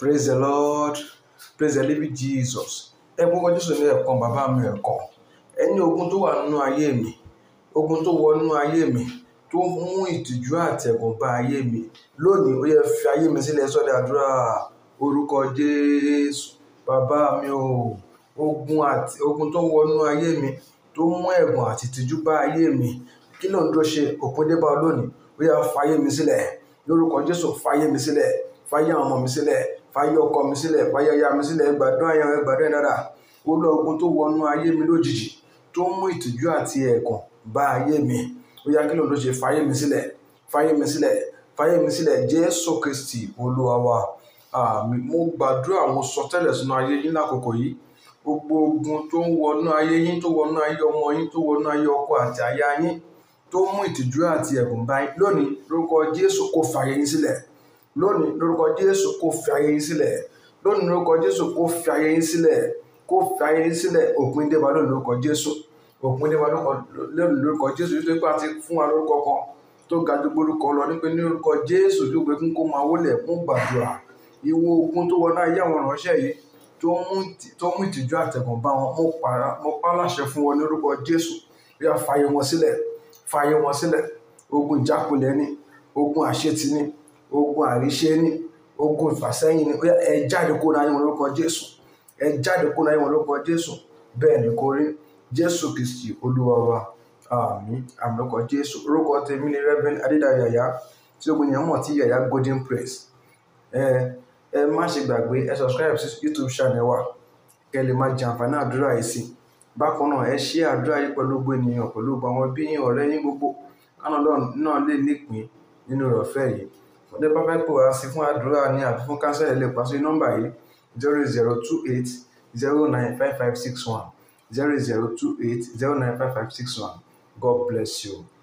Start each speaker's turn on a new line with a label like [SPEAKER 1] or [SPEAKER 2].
[SPEAKER 1] praise the lord praise the living jesus ẹ kó kọjú sọ ní ẹ̀kan bàbá mi ẹ̀kan ẹni ogun tó wà nínú ayé mi ogun tó wọ nínú ayé mi tó mú ìtìjú àtẹ̀gùn bá ayé mi lónìí ó yẹ fi ayé mi sílẹ̀ sọ́dọ̀ àdúrà orúkọ jésù bàbá mi o ogun àti ogun tó wọnú ayé mi tó mú ẹ̀gùn àti ìtìjú bá ayé mi kí ló ń dúró ṣe òpin dé lónìí ó yẹ fàyè mi sílẹ̀ lórúkọ jésù fàyè mi sílẹ̀ fáyé àwọn ọmọ mi sílẹ̀ fáyé ọkọ mi sílẹ̀ fáyé aya mi sílẹ̀ ẹgbàdún àyàn ẹgbàdún ẹ̀dára ó lọ ogun tó wọnú ayé mi lójijì tó mú ìtìjú àti ẹ̀kàn bá ayé mi ó yá kí ló ló ṣe fáyé mi sílẹ̀ fáyé mi sílẹ̀ fáyé mi sílẹ̀ Jésù Kristi Olúwa wa àmín mo gbàdúrà mo sọ tẹ́lẹ̀ sínú ayé yín lákòókò yìí gbogbo ogun tó ń wọnú ayé yín tó wọnú ayé ọmọ yín tó wọnú ayé ọkọ àti aya yín tó mú ìtìjú àti ẹ̀gùn bá lónìí lórúkọ Jésù kó fàyè yín sílẹ̀ lónìí lórúkọ jésù kò fi ayé yín sílẹ̀ lónìí lórúkọ jésù kò fi ayé yín sílẹ̀ kò fi ayé yín sílẹ̀ òpin dé wa lónìí lórúkọ jésù òpin dé wa lónìí lórúkọ jésù yìí tó pé àti fún wa lórúkọ kan tó ga ju gbórúkọ lọ ní pé ní lórúkọ jésù tó gbé kó máa wọlé mú gbàdúrà ìwọ ogun tó wọná ayé àwọn ìránṣẹ́ yìí tó mú ìtìjú àtẹ̀gùn bá wọn mo pa láṣẹ fún wọn lórúkọ jésù yóò fààyè wọn sílẹ̀ fààyè wọn sílẹ̀ ogun ìjákulẹ̀ ni ogun àṣetì ni ogun àríṣe ní ogun ìfàsẹ́yìn ní ẹ jáde kó náà wọn lórúkọ jésù ẹ jáde kó náà wọn lórúkọ jésù bẹ́ẹ̀ ni kò rí jésù kìsì olúwa àmì àmín jésù orúkọ tèmi ni tí ó gbìyànjú mọ̀ tí yàyà golden praise ẹ ẹ má ṣe ẹ subscribe sí youtube channel wa lè jẹ àǹfààní bákan náà ẹ ṣe àdúrà yìí pẹ̀lú ènìyàn pẹ̀lú gbogbo kánà náà lè nípìn nínú ọdẹ bá fẹ́ pè wá sí fún àdúrà ní àbí fún kánsá ẹ̀ lè pa yìí zero zero two eight zero nine five five six one zero zero two eight zero nine five five six one God bless you.